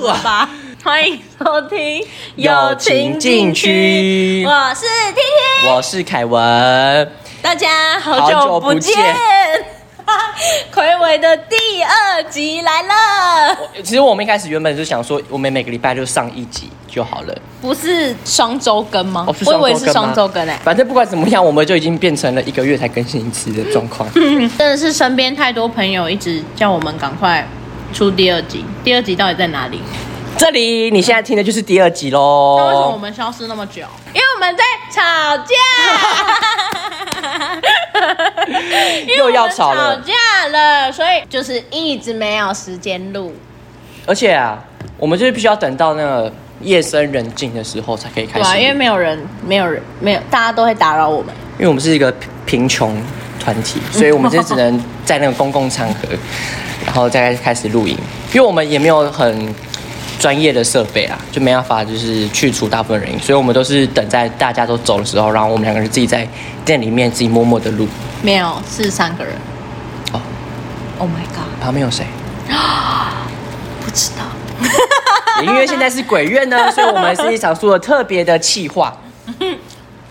爸爸，哇歡迎收聽《友情禁區》。我是 T T，我是凱文。大家好久不見！哈，睽違 的第二集來了。其實我們一開始原本是想說，我們每個禮拜就上一集就好了，不是雙週更嗎？哦，是嗎？我以為是雙週更哎。反正，不管怎麼樣，我們就已經變成了一個月才更新一次的狀況。 真的是身邊太多朋友一直叫我們趕快。出第二集，第二集到底在哪裡？這裡，你現在聽的就是第二集嘍。那為什麼我們消失那麼久？因為我們在吵架。又要 吵，吵架了，所以就是一直沒有時間錄。而且啊，我們就是必須要等到那個夜深人靜的時候才可以開始。對啊，因為沒有人，沒有人，沒有大家都會打擾我們，因為我們是一個貧窮團體，所以我們就只能在那個公共場合，然後再開始錄音，因為我們也沒有很專業的設備啊，就沒法就是去除大部分人影，所以我們都是等在大家都走的時候，然後我們兩個人自己在店裡面自己默默的錄。沒有，是三個人。哦，Oh my god！旁邊有誰？不知道。 因為現在是鬼月呢，所以我們是一場說特別的企劃。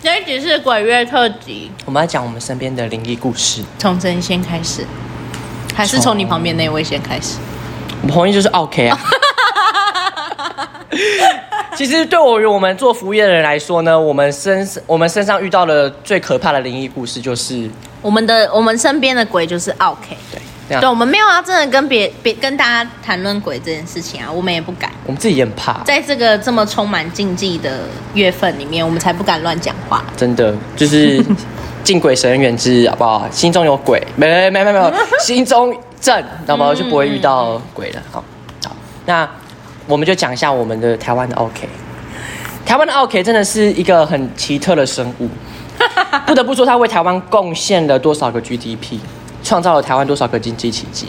這一集是鬼月特輯，我們要講我們身邊的靈異故事，從神仙開始，還是從你旁邊那位先開始？我同意就是 OK 啊。其實對我與我們做服務業的人來說呢，我們身我們身上遇到的最可怕的靈異故事就是我們的我們身邊的鬼就是 OK。對。對，啊、對，我們沒有要真的跟別別跟大家談論鬼這件事情啊，我們也不敢，我們自己也很怕、啊。在這個這麼充滿禁忌的月份裡面，我們才不敢亂講話、啊。真的就是敬鬼神遠之， 好不好？心中有鬼，沒沒沒沒沒有， 心中正，好不好？就不會遇到鬼了。好，好，那我們就講一下我們的台灣的奧客，台灣的奧客真的是一個很奇特的生物，不得不說，它為台灣貢獻了多少個 GDP。創造了台灣多少個經濟奇蹟？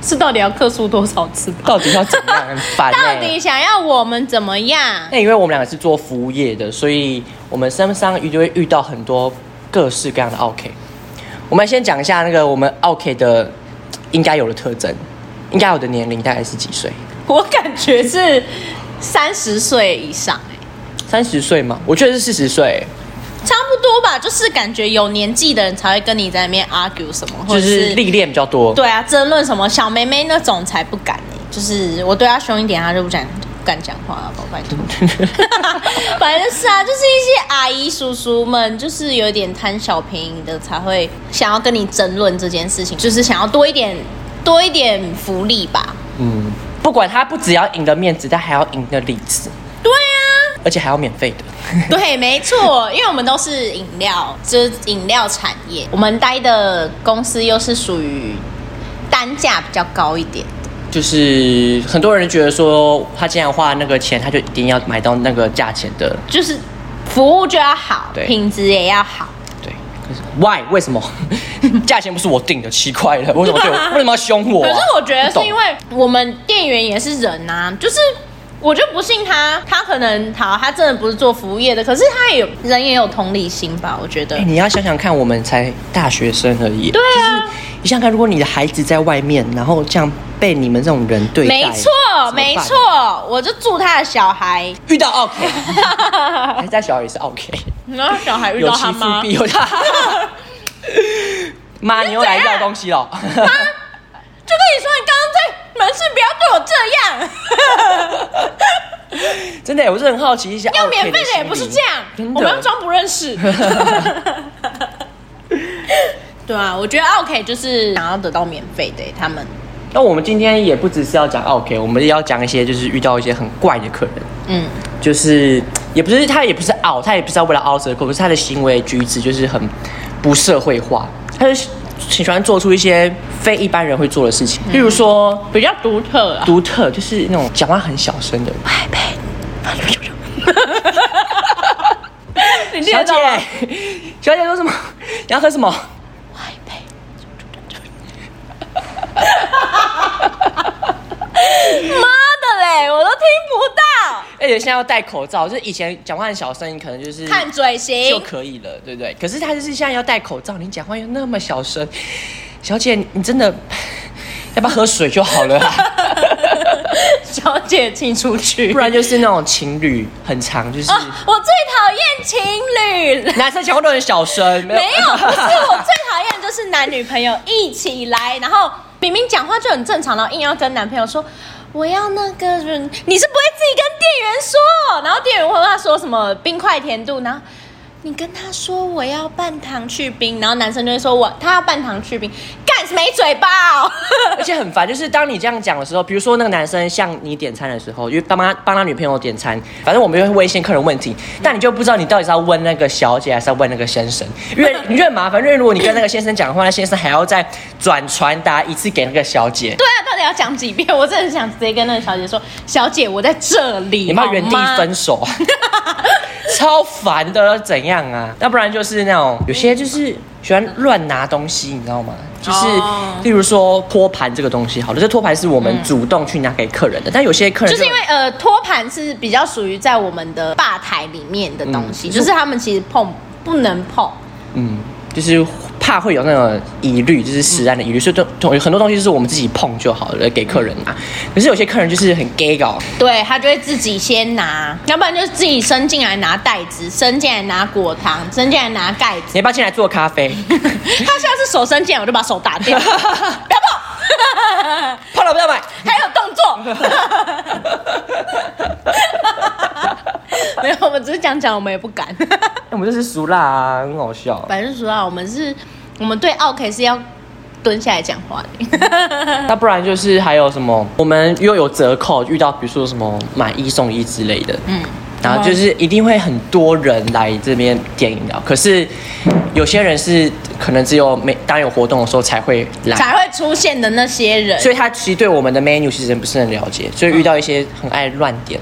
是到底要客訴多少次？到底要怎樣辦？很煩啊， 到底想要我們怎麼樣？那因為我們兩個是做服務業的，所以我們身上一定會遇到很多各式各樣的奧客。我們先講一下那個我們奧客的應該有的特徵，應該有的年齡大概是幾歲？我感覺是三十歲以上、欸，三十歲嗎？我覺得是四十歲。多，多吧，就是感覺有年紀的人才會跟你在裡面 argue 什麼，或者是就是歷練比較多。對啊，爭論什麼？小妹妹那種才不敢、欸，就是我對他凶一點，他就不敢不敢講話、啊。寶貝，反 正是啊，就是一些阿姨叔叔們，就是有點貪小便宜的才會想要跟你爭論這件事情，就是想要多一點，多一點福利吧。嗯，不管他不只要贏的面子，他還要贏的裡子。而且還要免費的， 對，沒錯，因為我們都是飲料，就是飲料產業，我們待的公司又是屬於單價比較高一點，就是很多人覺得說，他既然花那個錢，他就一定要買到那個價錢的，就是服務就要好，對，品質也要好，對。可是 why 為什麼價錢不是我定的七塊的？為什麼 為什麼要凶我、啊？可是我覺得是因為我們店員也是人啊，就是。我就不信他，他可能好，他真的不是做服務業的，可是他也人也有同理心吧？我覺得。你要想想看，我們才大學生而已。對啊，你想，想看，如果你的孩子在外面，然後這樣被你們這種人對待，沒錯錯，沒錯，我就祝他的小孩遇到 OK，人家 小孩也是 OK。然後小孩遇到他媽， 你又來要東西了？ 他。就跟你說你剛。你們是不要對我這樣， 真的，我是很好奇一下。要免費的也不是這樣，我們要裝不認識。 對啊，我覺得奧客就是想要得到免費的他們。那我們今天也不只是要講奧客，我們也要講一些就是遇到一些很怪的客人。嗯，就是也不是他也不是凹，他也不是，out，也不是要為了凹折扣，可是他的行為舉止就是很不社會化，他就喜歡做出一些。非一般人會做的事情，比如說、嗯、比較獨特、啊、特，獨特就是那種講話很小聲的。外配 小姐，小姐說什麼？你要喝什麼？外配，媽的嘞！我都聽不到。而且現在要戴口罩，就是、以前講話很小聲，可能就是看嘴型就可以了，對不對？可是他就是現在要戴口罩，你講話又那麼小聲，小姐，你真的要不要喝水就好了、啊？ 小姐，請出去，不然就是那種情侶，很常，就是。啊、我最討厭情侶，男生全部都很小聲。沒有,沒有，不是我最討厭，就是男女朋友一起來， 然後明明講話就很正常，然後硬要跟男朋友說我要那個人，人你是不會自己跟店員說，然後店員會不會說什麼冰塊甜度呢？然後你跟他說我要半糖去冰，然後男生就會說我他要半糖去冰，幹，沒嘴巴哦， 而且很煩。就是當你這樣講的時候，比如說那個男生向你點餐的時候，就幫他幫他女朋友點餐，反正我們就會問一些客人問題，但你就不知道你到底是要問那個小姐還是要問那個先生，因為你就很麻煩，因為如果你跟那個先生講的話，那先生還要在。轉傳達一次給那個小姐。對啊，到底要講幾遍？我真的很想直接跟那個小姐說：“小姐，我在這裡，好嗎？”你沒有原地分手？嗎 超煩的，怎樣啊？要不然就是那種有些就是喜歡亂拿東西，你知道嗎？就是例如說托盤這個東西，好了，這托盤是我們主動去拿給客人的，嗯、但有些客人就，就是因為呃，托盤是比較屬於在我們的吧台裡面的東西，嗯、就是他們其實碰不能碰，嗯，就是。怕會有那種疑慮，就是食安的疑慮，嗯、所以都有很多東西就是我們自己碰就好了，嗯、給客人拿。可是有些客人就是很 gay 哦，對，他就會自己先拿，要不然就是自己伸進來拿袋子，伸進來拿果糖，伸進來拿蓋子。你要不要進來做咖啡？ 他下次手伸進來我就把手打掉，不要碰。哈，怕 了不要買，還有動作。哈，沒有，我們只是講講，我們也不敢。我們就是俗辣啊，很好笑。反正俗辣，我們是，我們對奧 K 是要蹲下來講話的。那 不然就是還有什麼，我們又有折扣，遇到比如說什麼買一送一之類的。嗯，然後就是一定會很多人來這邊電影聊，可是。有些人是可能只有每當有活動的時候才會來、才會出現的那些人，所以他其實對我們的 menu 其實不是很了解，所以遇到一些很愛亂點、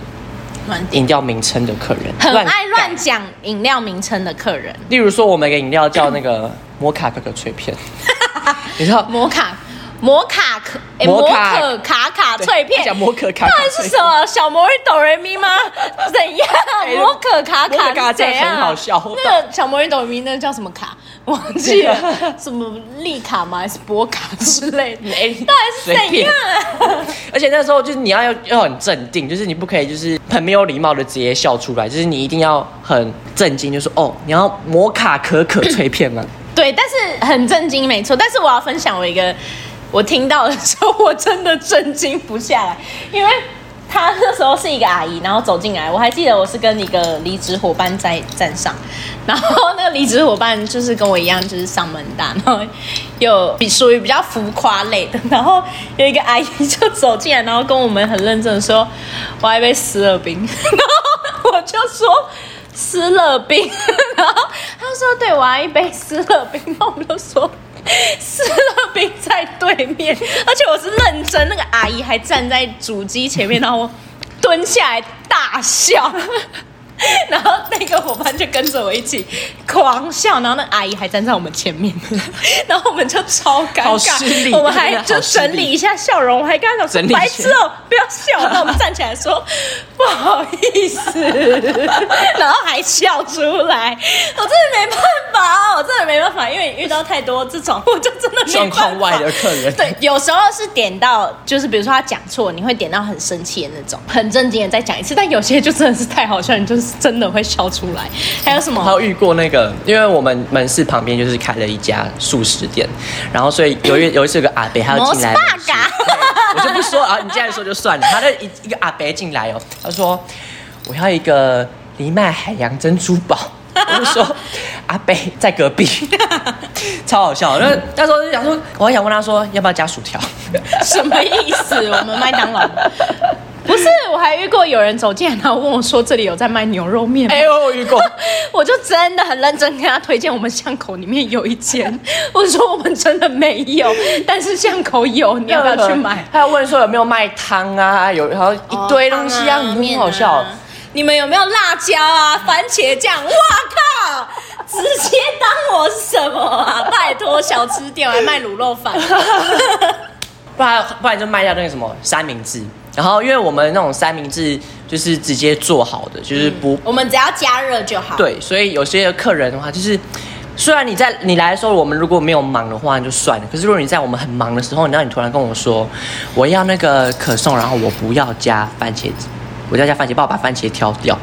亂點、哦、飲料名稱的客人，很愛亂講飲料名稱的客人。趕例如說，我們一個飲料叫那個摩卡可可脆片， 你說摩卡。摩卡可哎，摩可卡卡脆片，到底是什麼？小魔女哆瑞咪嗎？怎樣？摩可卡卡誰啊？那個小魔女哆瑞咪，那個叫什麼卡？忘記了什麼利卡嗎？還是波卡之類的？哎，到底是怎樣？而且那時候就是你要要要很鎮定，就是你不可以就是很沒有禮貌的直接笑出來，就是你一定要很震驚，就說哦，你要摩卡可可脆片嗎？對，但是很震驚，沒錯。但是我要分享我一個。我聽到的時候，我真的震驚不下來，因為他那時候是一個阿姨，然後走進來，我還記得我是跟一個離職夥伴在站上，然後那個離職夥伴就是跟我一樣，就是嗓門大，然後有屬於比較浮誇類的，然後有一個阿姨就走進來，然後跟我們很認真的說：“我還一杯思樂冰。”然後我就說：“思樂冰。”然後他說：“對，我還一杯思樂冰。”然後我就說。是士兵在對面，而且我是認真。那個阿姨還站在主機前面，然後蹲下來大笑。然後那個夥伴就跟着我一起狂笑，然後那阿姨還站在我們前面， 然後我們就超尷尬，我們還就整理一下笑容，我還跟他講說，白痴哦，不要笑， 然後我們站起來說不好意思， 然後還笑出來，我真的沒辦法，我真的沒辦法，因為你遇到太多這種，我就真的沒辦法狀況外的客人，對，有時候是點到，就是比如說他講錯，你會點到很生氣的那種，很正經的再講一次，但有些就真的是太好笑，你就是。真的會笑出來，還有什麼？還有遇過那個，因為我們門市旁邊就是開了一家素食店，然後所以有一次有一次，個阿伯他要進來， 我就不說啊，你進來說就算了。他就一一個阿伯進來哦，他說我要一個藜麥海洋珍珠堡，我就說 阿伯在隔壁，超好笑。那那時候就想說，我還想問他說要不要加薯條，什麼意思？我們麥當勞。不是，我還遇過有人走進來，然，然後問我說：“這裡有在賣牛肉麵嗎？”哎呦，我遇過， 我就真的很認真跟他推薦我們巷口裡面有一間。我說我們真的沒有，但是巷口有，你要不要去買？他要問說有沒有賣湯啊？有，然後、哦、一堆東西啊，哦、啊子很好笑。啊啊、你們有沒有辣椒啊？番茄醬？我靠，直接當我什麼、啊？拜託，小吃店我還賣滷肉飯？ 不然不然就賣掉那個什麼三明治。然後，因為我們那種三明治就是直接做好的，就是不，嗯、我們只要加熱就好。對，所以有些客人的話，就是雖然你在你來的時候，我們如果沒有忙的話，就算了。可是如果你在我們很忙的時候，你然後你突然跟我說我要那個可頌，然後我不要加番茄子，我要加番茄，幫我把番茄挑掉，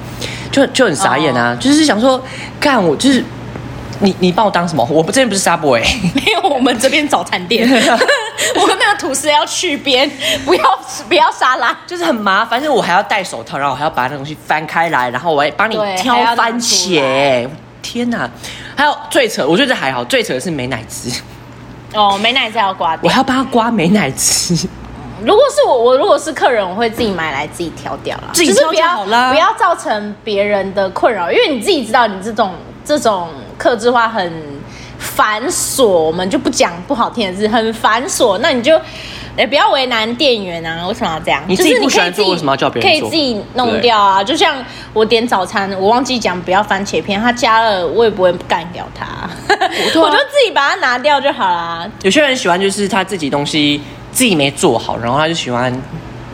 就就很傻眼啊！哦、就是想說，幹我就是你，你幫我當什麼？我不這邊不是 subway，沒有，我們這邊早餐店。 我跟那個吐司，要去邊，不要不要沙拉，就是很麻煩，就我還要戴手套，然後我還要把那東西翻開來，然後我還幫你挑番茄。天哪，啊！還有最扯，我覺得這還好，最扯的是美乃滋。哦，美乃滋要刮，我還要幫他刮美乃滋。如果是我，我如果是客人，我會自己買來自己挑掉啦，就是不要不要造成別人的困擾，因為你自己知道你這種這種客製化很。繁瑣，我們就不講不好聽的事，很繁瑣。那你就、欸，不要為難店員啊！為什麼要這樣？你自己不喜歡做，為什麼要叫別人做？可以自己弄掉啊！對就像我點早餐，我忘記講不要番茄片，他加了我也不會幹掉它， 我就自己把它拿掉就好啦。有些人喜歡就是他自己東西自己沒做好，然後他就喜歡。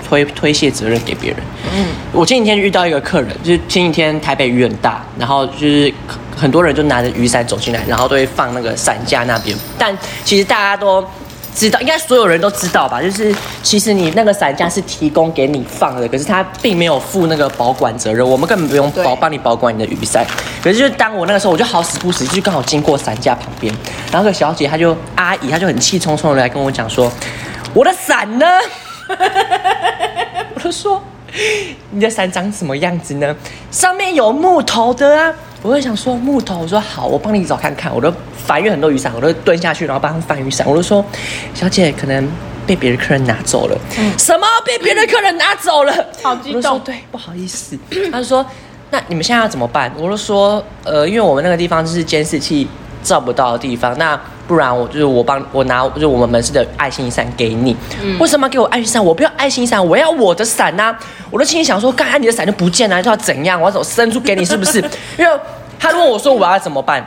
推推卸責任給別人。嗯，我前幾天遇到一個客人，就是前幾天台北雨很大，然後就是很多人就拿着雨傘走進來，然後都會放那個傘架那邊。但其實大家都知道，應該所有人都知道吧？就是其實你那個傘架是提供給你放的，可是他並沒有負那個保管責任，我們根本不用保幫你保管你的雨傘。可是就是當我那個時候，我就好死不死，就剛好經過傘架旁邊，然後那個小姐，她就阿姨，她就很氣冲冲的來跟我講說：“我的傘呢？”哈哈哈哈哈！ 我就說，你的傘長什麼樣子呢？上面有木頭的啊！我會想說木頭，我說好，我幫你找看看。我都翻閱很多雨傘，我都蹲下去然後幫他們翻雨傘。我都說，小姐可能被別的客人拿走了。嗯、什麼？被別的客人拿走了？嗯、好激動就！對，不好意思。他就說，那你們現在要怎麼辦？我就說，呃，因為我們那個地方就是監視器照不到的地方，那。不然我就是我幫我拿，就是我們門市的愛心傘給你。嗯、為什麼要給我愛心傘？我不要愛心傘，我要我的傘吶、啊！我都心裡想說，剛才你的傘就不見了，就要怎樣？我要怎麼伸出給你？是不是？ 因為他問我說：“我要怎麼辦？”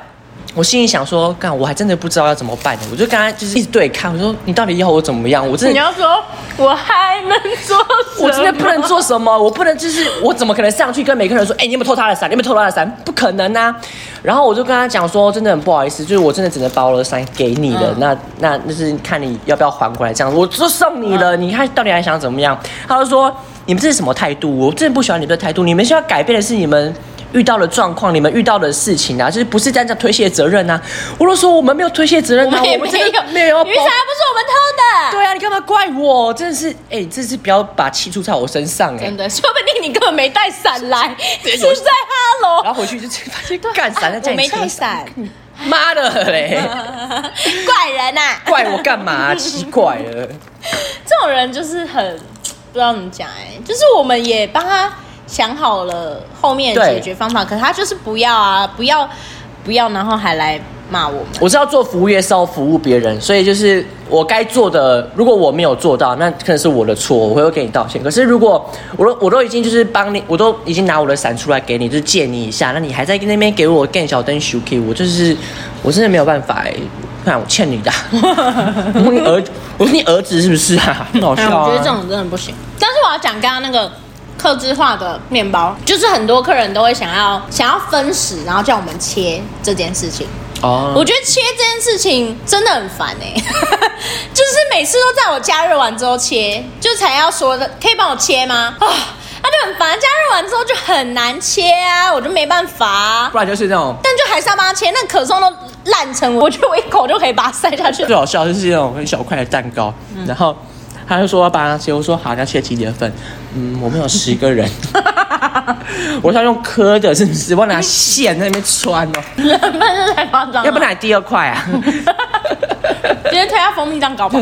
我心裡想說，幹，我還真的不知道要怎麼辦呢。我就跟他就是一直對抗，我說你到底要我怎麼樣？我真的你要說，我還能做什麼？我真的不能做什麼，我不能，就是我怎麼可能上去跟每個人說，哎、 欸，你有沒有偷他的傘？你有沒有偷他的傘？不可能啊。然後我就跟他講說，真的很不好意思，就是我真的只能把我的傘給你了，嗯。那那那是看你要不要還回來這樣。我就送你了，你看到底還想怎麼樣？他就說，你們這是什麼態度？我真的不喜歡你們的態度。你們需要改變的是你們。遇到了狀況，你們遇到的事情啊，就是不是在在推卸責任啊？我都說我們沒有推卸責任啊，我們真的沒有，雨傘不是我們偷的？對啊，你幹嘛怪我？真的是，哎、欸，這次不要把氣出在我身上、欸、真的，說不定你根本沒帶傘來，就在哈嘍，然後回去就去幹啥？在講沒帶傘，媽的嘞、啊！怪人吶、啊，怪我幹嘛、啊？奇怪了，這種人就是很不知道怎麼講、欸、就是我們也幫他。想好了後面的解決方法，對可是他就是不要啊，不要，不要，然後還來罵我們。我是要做服務業，是要服務別人，所以就是我該做的，如果我沒有做到，那可能是我的錯，我會，會給你道歉。可是如果我都我都已經就是幫你，我都已經拿我的傘出來給你，就是借你一下，那你還在那邊給我幹小燈，修 k a 我就是我真的沒有辦法誒，那我欠你的、啊， 我你兒，我是你兒子是不是啊？很搞笑，啊、笑我覺得這種真的不行，但是我要講剛剛那個。特制化的面包，就是很多客人都會想要想要分食，然後叫我們切這件事情。哦，oh. 我覺得切這件事情真的很煩哎、欸， 就是每次都在我加熱完之後切，就才要說的，可以幫我切嗎？啊、哦，那就很煩，加熱完之後就很難切啊，我就沒辦法、啊。不然就是那種，但就還是要幫他切，那可頌都爛成，我覺得我一口就可以把它塞下去。最好笑就是那種很小塊的蛋糕，嗯、然後。他就說要幫他切，我說好，要切幾點份。嗯，我們有十個人， 我要用顆的，是不是？我拿線在那邊穿哦、喔。要不然第二塊啊，直接推下蜂蜜這樣搞吧。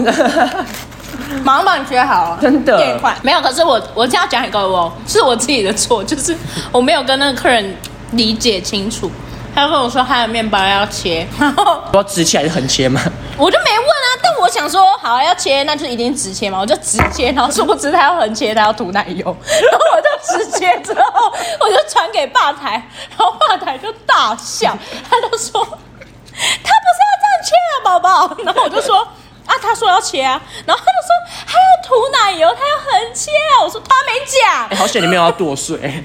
馬上幫你切好了，真的，第二塊沒有。可是我我這樣講你夠哦，是我自己的錯，就是我沒有跟那個客人理解清楚。他就跟我說他有麵包要切，然後我要直切還是橫切嗎？我就沒問。我想說好、啊、要切，那就一定直切嘛，我就直切，然後殊不知他要橫切，他要塗奶油，然後我就直切之後我就傳給吧台，然後吧台就大笑，他就說他不是要這樣切啊，寶寶。然後我就說啊，他說要切、啊，然後他就說還要塗奶油，他要橫切啊。我說他沒講。欸，好險你沒有要剁碎。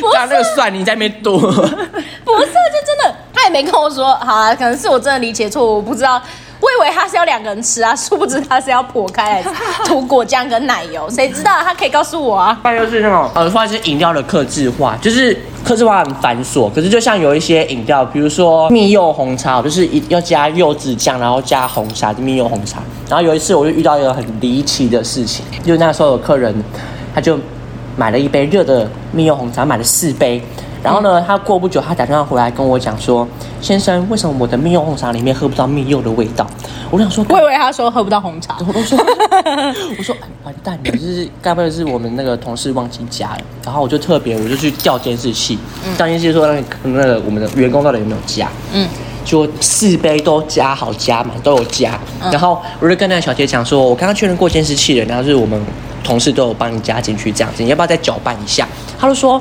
不是講那個蒜，你，在那邊剁。不是，就真的他也沒跟我說，好了、啊，可能是我真的理解錯誤，我不知道。我以為他是要兩個人吃啊，殊不知他是要剖開來塗果醬跟奶油。誰知道、啊、他可以告訴我啊？那又是那種呃，發是飲料的客制化，就是客制化很繁瑣。可是就像有一些飲料，比如說蜜柚紅茶，就是一要加柚子醬，然後加紅茶，蜜柚紅茶。然後有一次我就遇到一個很離奇的事情，就那時候有客人，他就買了一杯熱的蜜柚紅茶，買了四杯。然後呢，嗯、他過不久，他打電話回來跟我講說：“先生，為什麼我的蜜柚紅茶裡面喝不到蜜柚的味道？”我想說，因為他說喝不到紅茶，我說， 我說、哎、完蛋了，就是該不會是我們那個同事忘記加了？然後我就特別，我就去調監視器，調監視器說，那那個我們的員工到底有沒有加？嗯，就四杯都加好加嘛，都有加。嗯、然後我就跟那個小姐講說，我剛剛確認過監視器了，那就是我們同事都有幫你加進去這樣子，你要不要再攪拌一下？他就說：“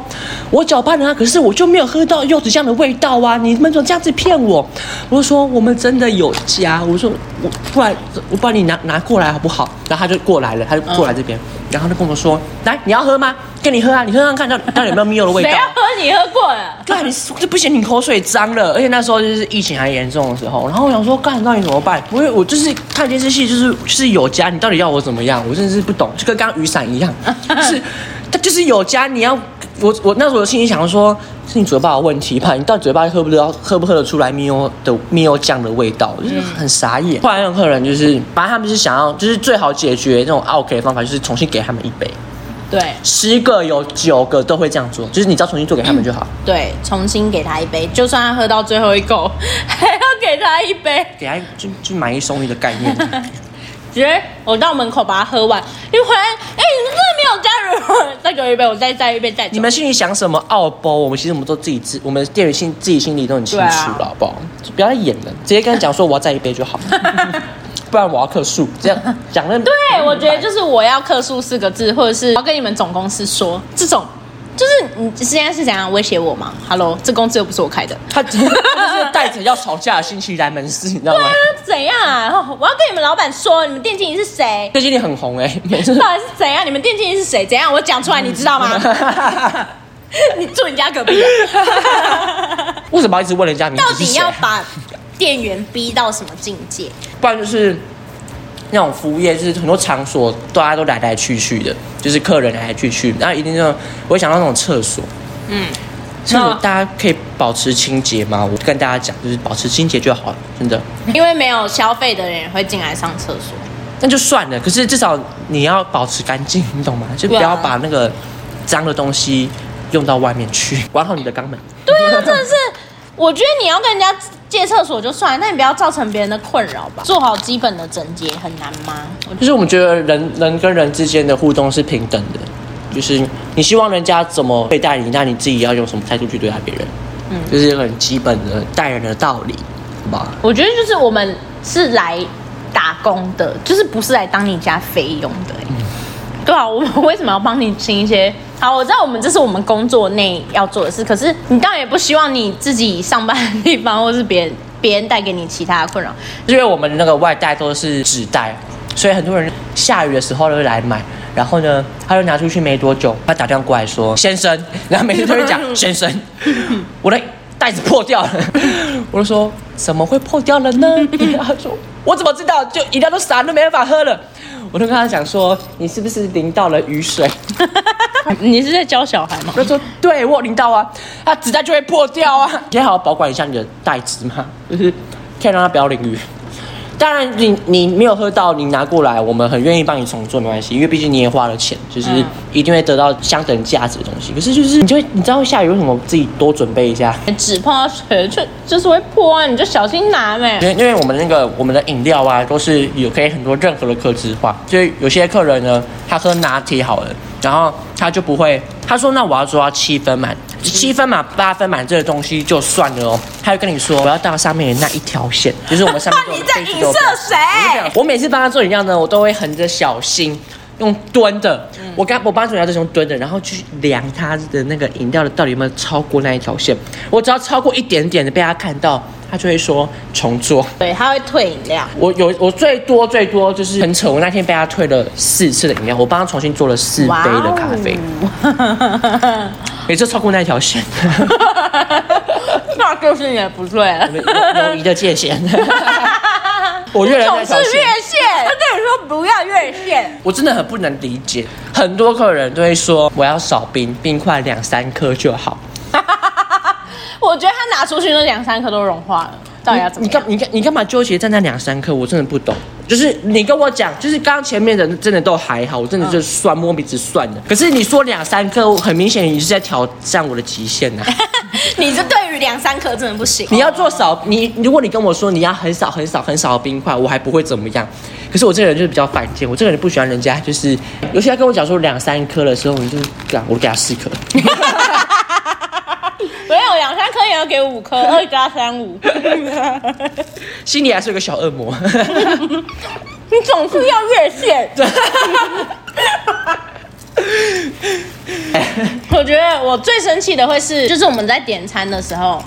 我攪拌了啊，可是我就沒有喝到柚子醬的味道啊！你們怎麼這樣子騙我？”我就說：“我們真的有加。”我說：“我不然，我幫你拿拿過來好不好？”然後他就過來了，他就過來這邊，嗯、然後就跟我們說：“來，你要喝嗎？給你喝啊！你喝看看，到底到底有沒有蜜柚的味道？”誰要喝？你喝過了。對，你這不嫌你口水髒了？而且那時候就是疫情還嚴重的時候。然後我想說，幹，你到底怎麼辦？我我就是看電視劇就是、就是有加。你到底要我怎麼樣？我真的是不懂，就跟剛剛雨傘一樣，是。 他就是有加，你要我我那時候我心裡想說，是你嘴巴有問題吧，怕你到底嘴巴喝不着，喝不喝得出來米歐的米歐醬的味道，就是、嗯、很傻眼。後來那客人就是，反正他們是想要，就是最好解決那種 OK 的方法，就是重新給他們一杯。對，十個有九個都會這樣做，就是你只要重新做給他們就好。對，重新給他一杯，就算他喝到最後一口，還要給他一杯，給他就就買一送一的概念。 我到門口把它喝完，你回來。哎、欸，你真的沒有加入？再給我一杯，我再再一杯再。你們心裡想什麼奧波，我們其實我們都自己知，我們店員心自己心裡都很清楚了，啊、好不好？就不要再演了，直接跟他講說我要再一杯就好了， 不然我要客訴。這樣講了，講 對我覺得就是我要客訴四個字，或者是我要跟你們總公司說這種。就是你現在是怎樣？威脅我嗎？Hello，這公司又不是我開的。他只是帶着要吵架的心情來門市，你知道嗎？對啊，怎樣啊？然後我要跟你們老闆說，你們店經理是誰？最近你很紅哎、欸，沒錯。到底是怎樣？你們店經理是誰？怎樣？我講出來，你知道嗎？ 你住你家隔壁、啊。為什麼要一直問人家？到底要把店員逼到什麼境界？不然就是。那種服務業就是很多場所，大家都來來去去的，就是客人來來去去，那一定就我會想到那種廁所。嗯，廁所那大家可以保持清潔嗎？我跟大家講，就是保持清潔就好了，真的。因為沒有消費的人也會進來上廁所， 那就算了。可是至少你要保持乾淨，你懂嗎？就不要把那個髒的東西用到外面去，管好你的肛門。對啊，真的是，我覺得你要跟人家。借廁所就算了，但你不要造成別人的困擾吧。做好基本的整潔很難嗎？就是我們覺得人人跟人之間的互動是平等的，就是你希望人家怎麼對待你，那你自己要用什麼態度去對待別人？嗯，就是很基本的待人的道理吧。我覺得就是我們是來打工的，就是不是來當你家菲傭的，欸。嗯，對啊，我為什麼要幫你清一些？好，我知道我們這是我們工作內要做的事，可是你當然也不希望你自己上班的地方，或是別人別人帶給你其他的困擾。因為我們那個外帶都是紙袋，所以很多人下雨的時候都會來買，然後呢，他就拿出去沒多久，他打電話過來說：“先生，然後每次都會講 先生，我的袋子破掉了。”我就說：“怎麼會破掉了呢？ 他說我怎麼知道？就飲料都灑都沒辦法喝了。”我就跟他講說：“你是不是淋到了雨水？” 你是在教小孩嗎？他說：“對我有淋到啊，他、啊、紙袋就會破掉啊，你好好保管一下你的袋子嘛，就是可以讓他不要淋雨。當然你，你你沒有喝到，你拿過來，我們很願意幫你重做，沒關係，因為畢竟你也花了錢，就是、嗯、一定會得到相等價值的東西。可是就是，你就會你知道會下雨為什麼自己多準備一下？你碰到水就就是會破啊，你就小心拿唄。因因為我們那個我們的飲料啊，都是有可以很多任何的客製化，就是有些客人呢，他喝拿鐵好了。”然後他就不會，他說：“那我要做到七分滿，七分滿、八分滿這個東西就算了哦。”他就跟你說：“我要到上面的那一條線， 就是我們上面有。” 你在影射誰？我每次幫他做飲料呢，我都會橫着小心，用蹲的，我剛我幫主持人是用蹲的，然後去量他的那個飲料的到底有沒有超過那一條線。我只要超過一點點的被他看到，他就會說重做，對他會退飲料。我有我最多最多就是很扯，我那天被他退了四次的飲料，我幫他重新做了四杯的咖啡，每次 Wow. 超過那一條線， 那就是也不對，友誼的界限，我 越來越小心。不要越線！我真的很不能理解，很多客人都會說我要少冰，冰塊兩三顆就好。 我覺得他拿出去那兩三顆都融化了，到底要怎麼？你幹你幹你幹嘛糾結在那兩三顆？我真的不懂。就是你跟我講，就是剛前面的真的都還好，我真的就算、嗯、摸鼻子算了。可是你說兩三顆，很明顯你是在挑戰我的極限呢、啊。 你這對於兩三顆真的不行？ 你要做少，你如果你跟我說你要很少很少很少的冰塊，我還不會怎麼樣。可是我這個人就是比較犯賤，我這個人不喜歡人家，就是尤其他跟我講說兩三顆的時候，我就講，我給他四顆。 沒有兩三顆也要給五顆，二加三五。 心裡還是有個小惡魔。 你總是要越線。我覺得我最生氣的會是，就是我們在點餐的時候。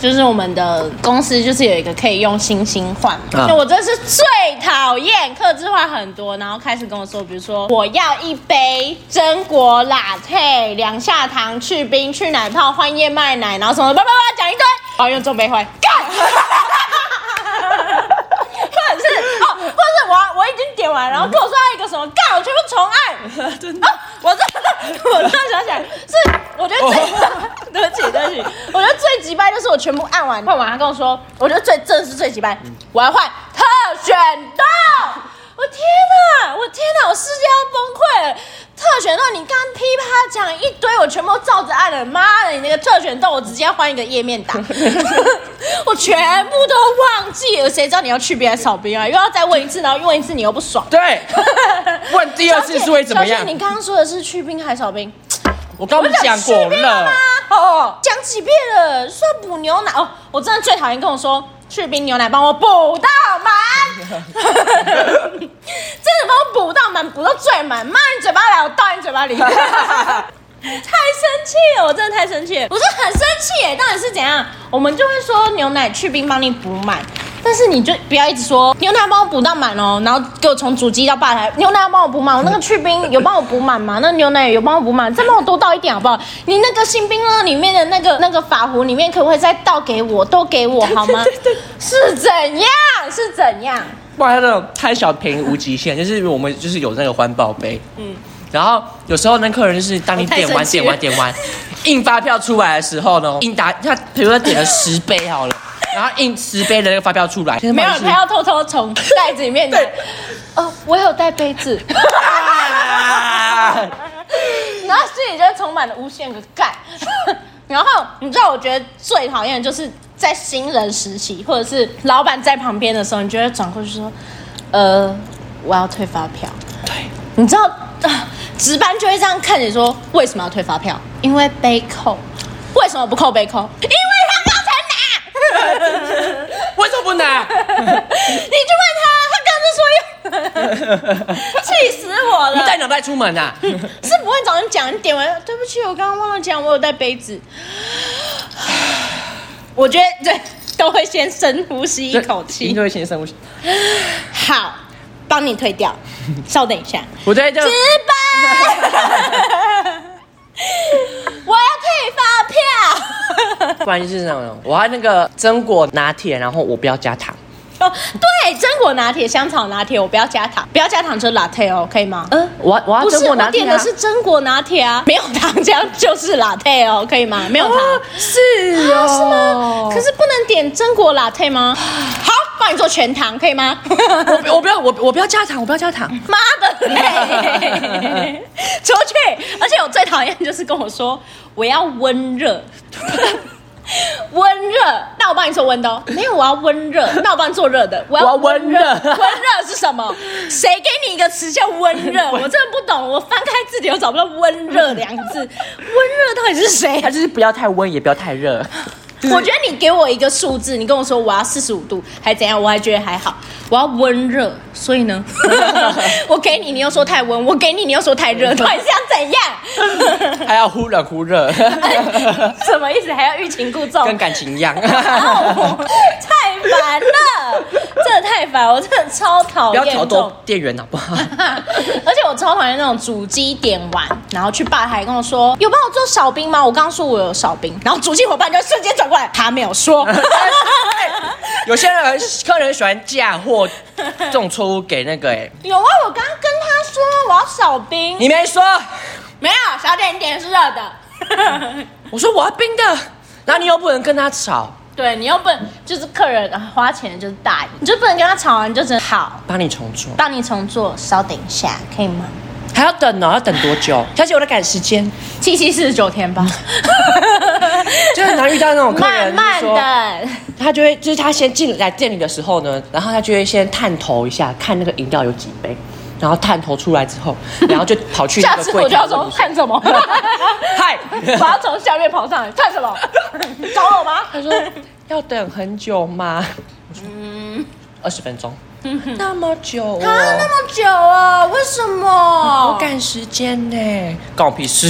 就是我們的公司就是有一個可以用星星換，那我真是最討厭客製化很多，然後開始跟我說，比如說我要一杯榛果拿鐵，兩下糖，去冰，去奶泡，換燕麥奶，然後什麼叭叭叭講一堆，然後用中杯換，幹，哈哈哈，或者是，哦，或者是我我已經點完，然後跟我說他一個什麼幹，我全部重按，啊，真的。啊我這，我這想起來是，我覺得最、oh. 對不起對不起， 我覺得最機掰就是我全部按完換完，他跟我說，我覺得最真是最機掰，我要換特選豆。我天哪！我天哪！我世界要崩潰了！特選到你剛噼啪講一堆，我全部都照着按了。媽的，你那個特選到我直接換一個頁面打， 我全部都忘記了。誰知道你要去冰還是少冰啊？又要再問一次，然後問一次你又不爽。對，問第二次是會怎麼樣？你剛剛說的是去冰還是少冰。我剛講過了，可不可講幾遍了嗎？哦，講幾遍了，說補牛奶哦。我真的最討厭跟我說去冰牛奶幫補，幫我補到滿。真的幫我補到滿，補到最滿。媽，你嘴巴來，我倒你嘴巴裡。 太生氣了，我真的太生氣了，我是很生氣耶。到底是怎樣？我們就會說牛奶去冰幫你補滿，幫你補滿，但是你就不要一直說牛奶要幫我補到滿哦，然後給我從主機到吧台牛奶要幫我補滿，我那個去冰有幫我補滿嗎？那牛奶有幫我補滿？再幫我多倒一點好不好？你那個新冰樂裡面的那個那個法壺裡面可不可以再倒給我？都給我好嗎？對對對對，是怎樣？是怎樣？不然那種貪小便宜無極限，就是我們就是有那個環保杯，嗯，然後有時候那客人就是當你點完點完點完，印發票出來的時候呢，印打，他比如說點了十杯好了。然後印十杯的那個發票出來，沒有，他要偷偷從袋子裡面。對，哦，我有帶杯子。 然後心裡就充滿了無限的幹。 然後你知道，我覺得最討厭的就是在新人時期，或者是老闆在旁邊的時候，你就會轉過去說：“呃，我要退發票。”對，你知道、呃，值班就會這樣看你說：“為什麼要退發票？”因為被扣。為什麼不扣被扣？因為他。 為什麼不能？你去問他，他剛才說要，氣 死我了！你帶腦袋出門啊？嗯、是不會找人講，你點完，對不起，我剛剛忘了講，我有帶杯子吸。我覺得對，都會先深呼吸一口氣，都會先深呼吸。好，幫你退掉。稍等一下，我覺得就直白 關係是這樣，我要那個榛果拿鐵，然後我不要加糖。Oh, 對，榛果拿鐵、香草拿鐵，我不要加糖， 不要加糖，就是拿鐵哦，可以嗎？嗯、呃，我我要拿鐵、啊、不是我點的是榛果拿鐵啊， 沒有糖，這樣就是拿鐵哦，可以嗎？沒有糖，哦、是、哦、啊，是嗎？可是不能點榛果拿鐵嗎？ 好，幫你做全糖，可以嗎？ 我我不要我我不要加糖，我不要加糖，媽的， 出去！而且我最討厭就是跟我說我要溫熱。 溫熱，那我幫你做溫的。沒有，我要溫熱，那我幫你做熱的。我要溫熱，溫熱是什麼？誰 給你一個詞叫溫熱？溫我真的不懂。我翻開字典，我找不到溫熱兩個字。溫熱 到底是誰啊？就是不要太溫，也不要太熱。 是我覺得你給我一個數字，你跟我說我要四十五度，還怎樣？我還覺得還好，我要溫熱，所以呢 我，我給你，你又說太溫；我給你，你又說太熱，到底是要怎樣？ 還要忽冷忽熱、 哎？什麼意思？還要欲擒故縱？跟感情一樣。 然後太煩了，真的太煩，我真的超討厭。不要挑多店員啊，好不好！ 而且我超討厭那種主機點完，然後去吧台跟我說：“有幫我做少冰嗎？”我剛剛說我有少冰，然後主機夥伴就會瞬間轉。他沒有說， 是欸，有些人客人喜歡嫁禍這種錯誤給那個哎，欸，有啊，我剛剛跟他說我要少冰，你沒說，沒有，小點點是熱的，嗯，我說我要冰的，然後你又不能跟他吵，對，你又不能就是客人花錢就是大，你就不能跟他吵完，啊，就只好幫你重做，幫你重做，稍等一下，可以嗎？還要等呢，要等多久？小姐，我在趕時間，七七四十九天吧。 就很難遇到那種客人。慢慢等，他就會就是他先進來店裡的時候呢，然後他就會先探頭一下，看那個飲料有幾杯，然後探頭出來之後，然後就跑去那個櫃檯。下次我就要走，說看什麼？嗨 Hi，我要從下面跑上來看什麼？找我嗎？他說要等很久嗎？我說嗯，二十分鐘。那麼久，他 那麼久哦，啊那麼久啊，為什麼？啊、我趕時間呢，關屁事！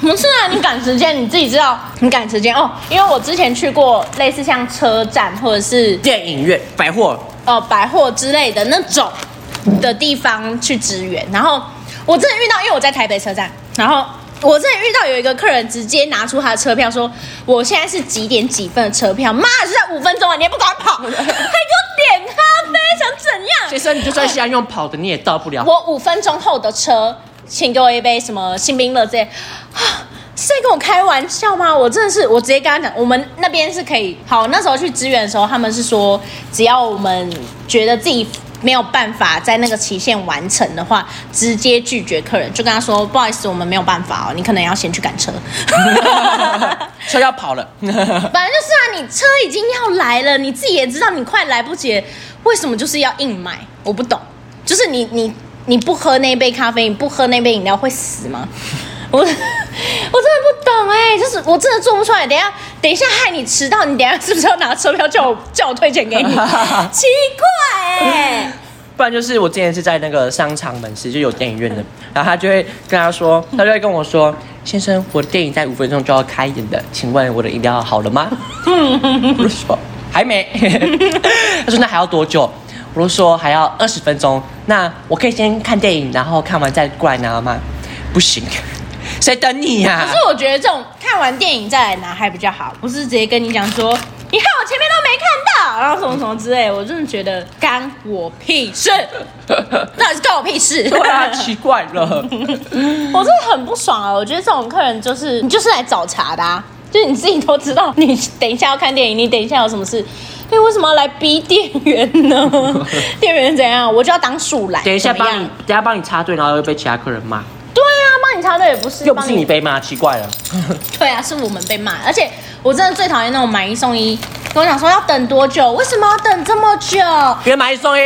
不、 嗯、是啊，你趕時間你自己知道，你趕時間哦，因為我之前去過類似像車站或者是電影院，百貨哦百貨之類的那種的地方去支援，然後我真的遇到，因為我在台北車站，然後。我這裡遇到有一個客人，直接拿出他的車票說：“我現在是幾點幾分的車票？”媽的，現在五分鐘了，啊，你也不敢跑，還給我點咖啡，想，嗯，怎樣？先生，你就算現在用跑的，你也到不了，哦。我五分鐘後的車，請給我一杯什麼星冰樂這啊，是在跟我開玩笑嗎？我真的是，我直接跟他講，我們那邊是可以。好，那時候去支援的時候，他們是說，只要我們覺得自己。沒有辦法在那個期限完成的話，直接拒絕客人，就跟他說：“不好意思，我們沒有辦法哦，你可能要先去趕車， 車要跑了。”反正就是啊，你車已經要來了，你自己也知道你快來不及，為什麼就是要硬買？我不懂，就是你你你不喝那杯咖啡，你不喝那杯飲料會死嗎？我我真的不懂哎、欸，就是我真的做不出來。等一下，等一下，害你遲到，你等一下是不是要拿車票叫我叫我退錢給你？ 奇怪哎、欸嗯！不然就是我之前是在那個商場門市就有電影院的，然後他就會跟他說，他就會跟我說：“先生，我的電影在五分鐘就要開演了，請問我的飲料好了嗎？” 我說還沒。 他說那還要多久？我就說還要二十分鐘。那我可以先看電影，然後看完再過來拿嗎？不行。誰等你啊？可是我覺得這種看完電影再來拿還比較好，不是直接跟你講說，你看我前面都沒看到，然後什麼什麼之類，我真的覺得干我屁事，那還是干我屁事，對啊，奇怪了， 我真的很不爽啊！我覺得這種客人就是你就是來找茬的，啊，就是你自己都知道，你等一下要看電影，你等一下有什麼事，你、欸、為什麼要來逼店員呢？店員 怎樣，我就要當樹懶，等一下幫你，等一下幫你插隊，然後又被其他客人罵。他那也不是，又不是你被罵，幫你，奇怪了，對啊，是我們被罵，而且我真的最討厭那種買一送一，跟我講說要等多久，為什麼要等這麼久？別買一送一，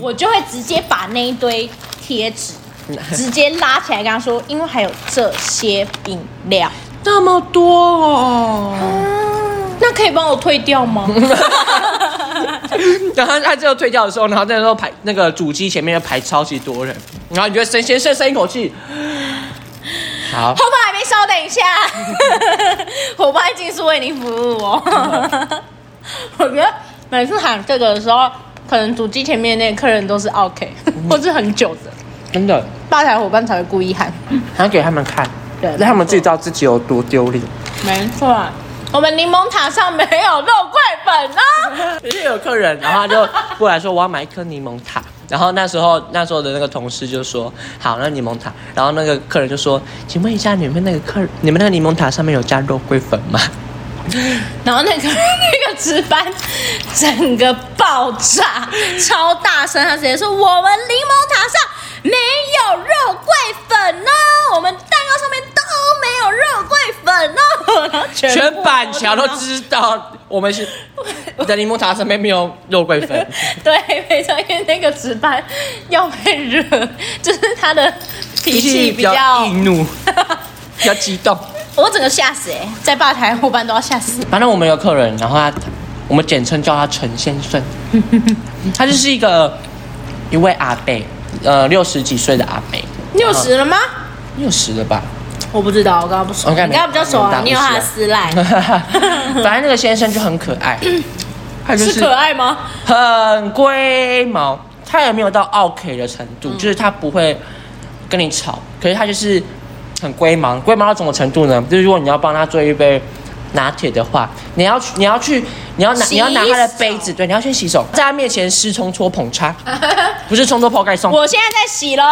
我就會直接把那一堆貼紙直接拉起來，跟他說，因為還有這些飲料，這麼多哦。啊那可以幫我退掉嗎？ 然後他就要退掉的時候，然後在那時候排那個主機前面就排超級多人，然後你就深先深深一口氣。好，夥伴還沒稍等一下，夥伴一定是為您服務哦。 我覺得每次喊這個的時候，可能主機前面那些客人都是 OK、嗯、或是很久的，真的。吧台伙伴才會故意喊，喊給他們看，讓對他們自己知道自己有多丟臉。沒錯。我們檸檬塔上沒有肉桂粉哦，之前有客人，然後他就過來說：“ 我要買一顆檸檬塔。”然後那時候那時候的那個同事就說：“好，那檸檬塔。”然後那個客人就說：“請問一下你，你們那個客，你們那個檸檬塔上面有加肉桂粉嗎？”然後那個那個值班，整個爆炸，超大聲，他直接說：“我們檸檬塔上沒有肉桂粉哦，我們蛋糕上面。”肉桂粉哦，全，全板橋都知道我們是。我，我你的檸檬塔上面沒有肉桂粉。對，沒錯，因為那個值班要被惹，就是他的脾氣比較易怒，比較激動。我整個嚇死、欸，哎，在吧台後半都要嚇死。反正我們有客人，然後他，我們簡稱叫他陳先生。他就是一個一位阿伯，呃，六十幾歲的阿伯。六十了嗎？六十了吧。我不知道，我剛剛不熟。Okay, 你剛剛比較熟、啊、打你有他私賴。反正 那個先生就很可愛， 他是可愛嗎？很龜毛，他也沒有到傲 k 的程度，嗯、就是他不會跟你吵。可是他就是很龜毛，龜毛到什麼程度呢？就是如果你要幫他做一杯拿鐵的話，你要，你要去，你要去，你要拿，你要拿他的杯子，手對，你要先洗手，在他面前師從搓捧擦，不是從頭拋蓋送。 我現在在洗嘍，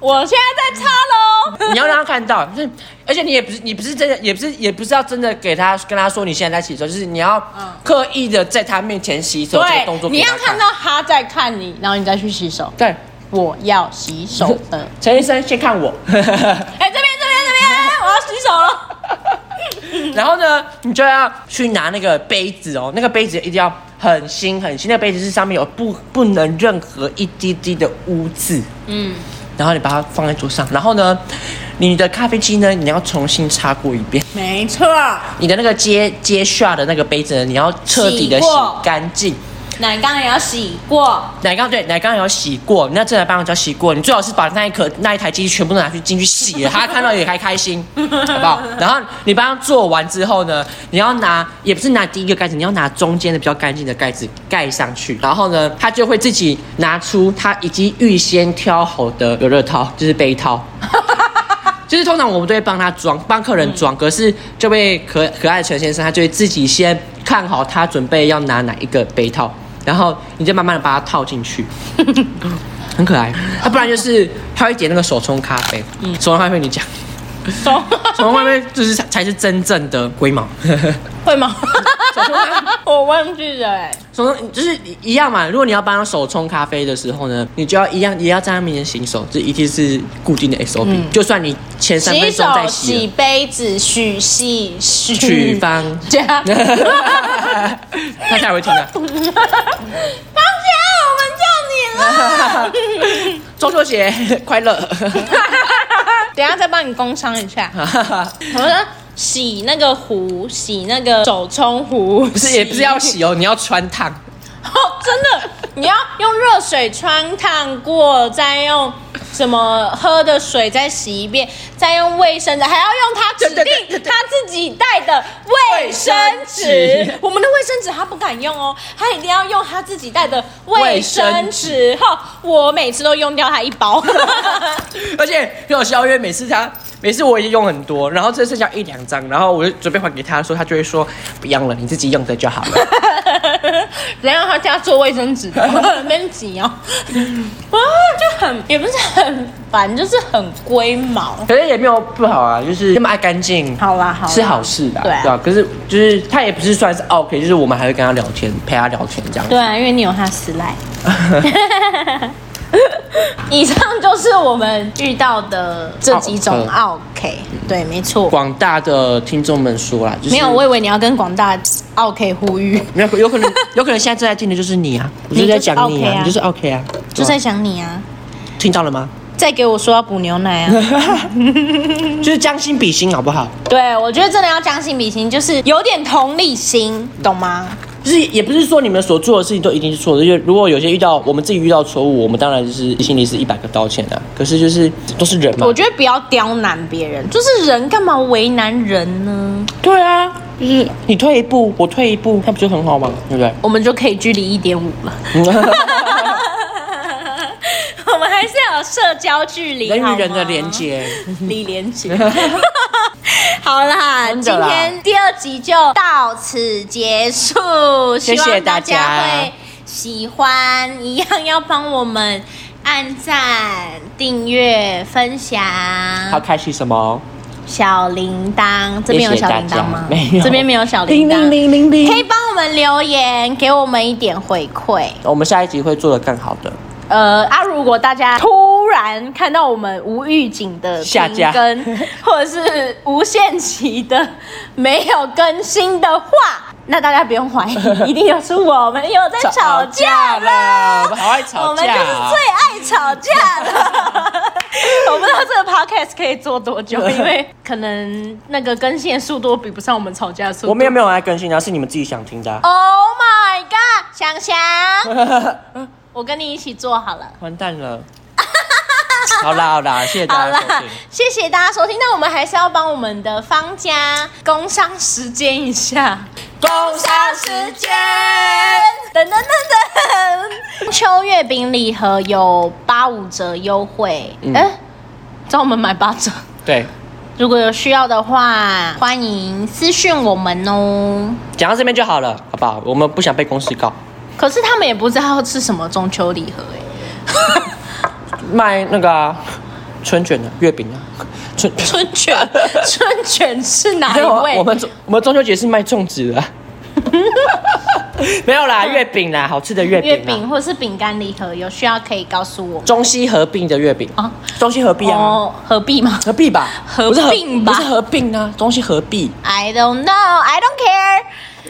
我現在在擦嘍。 你要讓他看到，就是，而且你也不是，你不是真的，也不是，也不是要真的給他跟他說你現在在洗手，就是你要刻意的在他面前洗手這個動作。對，你要看到他在看你，然後你再去洗手。對，我要洗手的。陳醫 生，先看我。哎、 欸，這邊，這邊，這邊，我要洗手了。 然後呢，你就要去拿那個杯子哦，那個杯子一定要很新很新，那個、杯子是上面有不不能任何一滴滴的污漬。嗯。然後你把它放在桌上，然後呢，你的咖啡機呢，你要重新擦過一遍。沒錯，你的那個接接下的那個杯子呢，你要徹底的洗乾淨。奶缸也要洗過，奶缸對，奶缸也要洗過。你那正在幫忙叫洗過，你最好是把那一顆那一台機器全部都拿去進去洗了，他看到也還開心， 好不好？然後你幫他做完之後呢，你要拿也不是拿第一個蓋子，你要拿中間的比較乾淨的蓋子蓋上去。然後呢，他就會自己拿出他已經預先挑好的隔熱套，就是杯套， 就是通常我們都會幫他裝，幫客人裝。嗯、可是這位可可愛的陳先生，他就會自己先看好他準備要拿哪一個杯套。然後你就慢慢的把它套進去，很可愛、啊。不然就是他會點那個手沖咖啡，手沖咖啡你講，手手沖咖啡就是才是真正的龜毛，會嗎？我忘記了哎、欸。我們就是一樣嘛，如果你要幫他手沖咖啡的時候呢，你就要一樣，也要在他面前洗手，這一定是固定的 SOP、嗯。就算你前三杯手在洗，洗杯子、取洗洗洗方家，那下回聽啦。方家、啊，我們叫你了！中 秋節快樂！ 等一下再幫你工商一下， 洗那個壺，洗那個手沖壺，不是，也不是要洗哦，你要汆燙。 哦，真的，你要用熱水汆燙過，再用什麼喝的水再洗一遍，再用衛生紙，還要用他指定他自己帶的衛生紙。對對對對對，我們的衛生紙他不敢用哦，他一定要用他自己帶的衛生紙。哈，我每次都用掉他一包。 而且，有肖月每次他。每次我已經用很多，然後只剩下一兩張，然後我就準備還給他的時候，他就會說不用了，你自己用的就好了。然後 他家做衛生紙的，沒紙哦，啊，就很也不是很煩，就是很龜毛。可是也沒有不好啊，就是那麼愛乾淨，好啦好啦，是好事吧？對吧、啊？對啊、可是就是他也不是算是 OK，就是我們還會跟他聊天，陪他聊天這樣子。對、啊，因為你有他依賴。 以上就是我們遇到的這幾種奧客，對，沒錯。廣大的聽眾們說啦，就是、沒有我以為，你要跟廣大奧客呼籲，沒有，有可能，有可能現在正在聽的就是你啊，我就是在講你，啊。你就是奧客啊，就，奧客啊就在講你啊，啊聽到了嗎？再給我說要補牛奶啊， 就是將心比心，好不好？對，我覺得真的要將心比心，就是有點同理心，懂嗎？不是，也不是說你們所做的事情都一定是錯的。因為如果有些遇到我們自己遇到錯誤，我們當然就是心裡是一百個道歉的啊。可是就是都是人嘛，我覺得不要刁難別人，就是人幹嘛為難人呢？對啊，就是你退一步，我退一步，那不就很好嗎？對不對？我們就可以距離一點五了。 社交距離，人與人的連接，李連杰。好了，今天第二集就到此結束，謝謝大家，大家會喜歡一樣，要幫我們按讚、訂閱、分享。他開始什麼？小鈴鐺，這邊有小鈴鐺嗎？謝謝。沒有，這邊沒有小鈴鐺。可以幫我們留言，給我們一點回饋。我們下一集會做的更好的。呃啊！如果大家突然看到我們無預警的停更，或者是無限期的沒有更新的話，那大家不用懷疑，一定又是我們又在吵架，吵架了。我們好愛吵架，我們就是最愛吵架了。 我不知道這個 podcast 可以做多久，因為可能那個更新的速度比不上我們吵架的速度。我們沒有沒有愛更新、啊，然後是你們自己想聽的、啊。Oh my god！想想。 我跟你一起做好了，完蛋了。 好啦好啦，謝謝大家收聽，謝謝大家收聽。那我們還是要幫我們的方家工商時間一下，工商時間。等等等等，中、嗯嗯嗯、秋月餅禮盒有八五折優惠。嗯、欸，找我們買八折。對，如果有需要的話，歡迎私訊我們哦、喔。講到這邊就好了，好不好？我們不想被公司告。可是他們也不知道要吃什麼中秋禮盒哎。 賣那個春捲的月餅啊，春啊春捲春捲是哪一味，啊。我們中我們中秋節是賣粽子的、啊， 沒有啦，月餅啦，好吃的月餅，月餅或是餅乾禮盒，有需要可以告訴我。中西合併的月餅啊，中西合併啊，哦、合璧嗎？合璧吧，合是合併，不是合併啊，中西合璧。I don't know, I don't care.